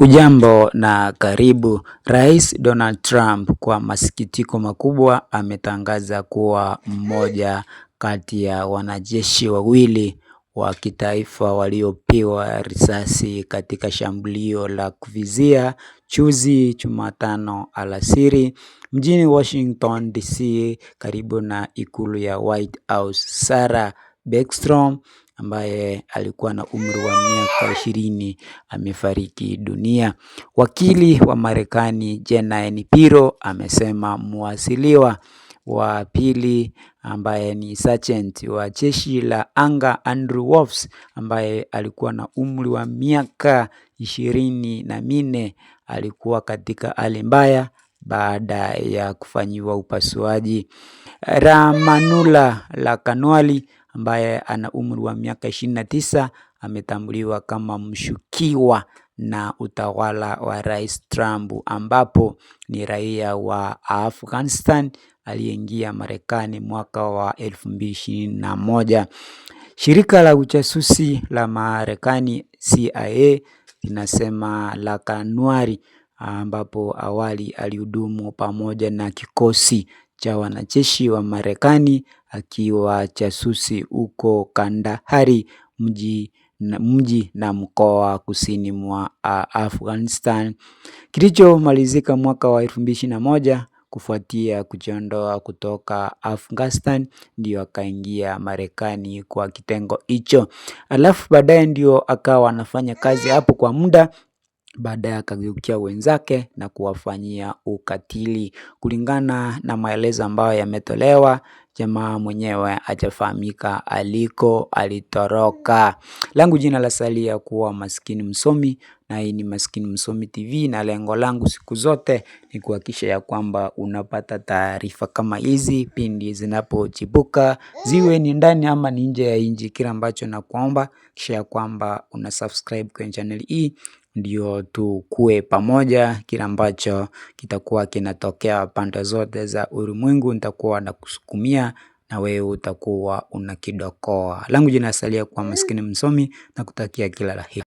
ujambo na karibu. Rais Donald Trump kwa masikitiko makubwa ametangaza kuwa mmoja kati ya wanajeshi wawili wa kitaifa waliopewa risasi katika shambulio la kuvizia chuzi Jumatano alasiri mjini Washington DC, karibu na ikulu ya White House. Sarah Beckstrom ambaye alikuwa na umri wa miaka ishirini amefariki dunia. Wakili wa Marekani Jenan Pirro amesema mwasiliwa wa pili ambaye ni sergeant wa jeshi la anga Andrew Wolfs ambaye alikuwa na umri wa miaka ishirini na minne alikuwa katika hali mbaya baada ya kufanyiwa upasuaji. Ramanula Lakanwali ambaye ana umri wa miaka ishirini na tisa ametambuliwa kama mshukiwa na utawala wa Rais Trump ambapo ni raia wa Afghanistan aliyeingia Marekani mwaka wa elfu mbili ishirini na moja. Shirika la uchasusi la Marekani CIA linasema kanwali ambapo awali alihudumu pamoja na kikosi cha wanajeshi wa Marekani akiwa jasusi huko Kandahari mji na mkoa kusini mwa Afghanistan kilichomalizika mwaka wa elfu mbili ishirini na moja kufuatia kujiondoa kutoka Afghanistan ndio akaingia Marekani kwa kitengo hicho alafu baadaye ndio akawa anafanya kazi hapo kwa muda baada ya kageukia wenzake na kuwafanyia ukatili. Kulingana na maelezo ambayo yametolewa, jamaa mwenyewe hajafahamika aliko, alitoroka. Langu jina la salia kuwa Maskini Msomi, na hii ni Maskini Msomi TV, na lengo langu siku zote ni kuhakikisha ya kwamba unapata taarifa kama hizi pindi zinapochipuka, ziwe ni ndani ama ni nje ya nchi. Kila ambacho nakuomba kisha ya kwamba una subscribe kwenye channel hii ndio tukuwe pamoja kile ambacho kitakuwa kinatokea pande zote za ulimwengu nitakuwa na kusukumia na wewe utakuwa unakidokoa. Langu jina asalia kuwa maskini msomi na kutakia kila la